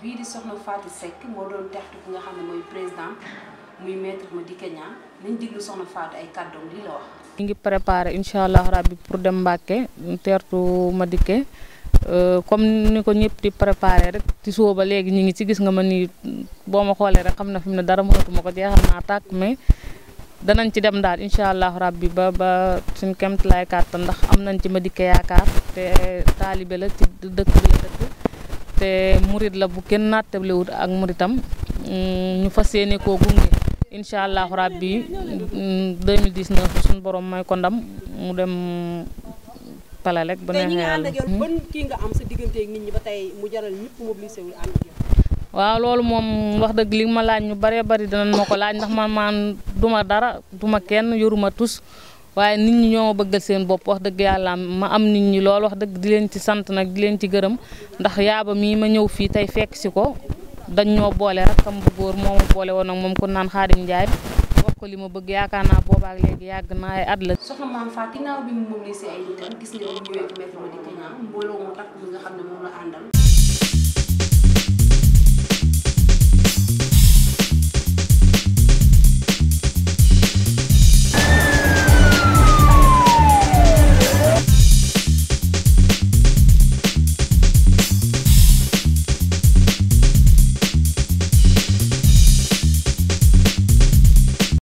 bii di soxna Fatou Seck moo doon teextu ki nga xam ne mooy président muy maître Madické Niang nañ diglu soxna Fatou ay kàddoom lii la wax. ñu ngi préparé incha allah pour dem Mbàkke teertu Madické euh, comme ni ko ñëpp di préparé rek ci suba ba léegi ñu ngi ci gis nga ma nii boo ma xoolee rek xam na fi mu ne dara mënatuma ko jeexal naa tàkk mais. danañ ci dem daal incha allah rabbi ba ba suñ kemt lay kàttan ndax am nañ ci Madické yaakaar te taalibe la te murit la bu kenn naatable wut ak muritam mm, ñu fa yéene koo gunge incha allahu rabbi 2019 mm, suñu borom may ko ndam mu dem pale rek bu neexee yàlla ba tey mu jaral ñëpp mobilisé waaw loolu moom wax dëgg li ma laaj ñu bëree bëri dinañ ma ko laaj ndax man maan duma dara duma kenn yoruma tus waaye nit ñi ñoo ma bëggal seen bopp wax dëgg yàlla ma am nit ñi lool wax dëgg di leen ci sant nag di leen ci gërëm ndax yaaba mii ma ñëw fii tey fekk si ko dañ ñoo boole rakkam bu góor moo ma boole woon moom ku naan Xaadim Njaay wax ko li ma bëgg yaakaar naa boobaak léegi yàgg naa at la.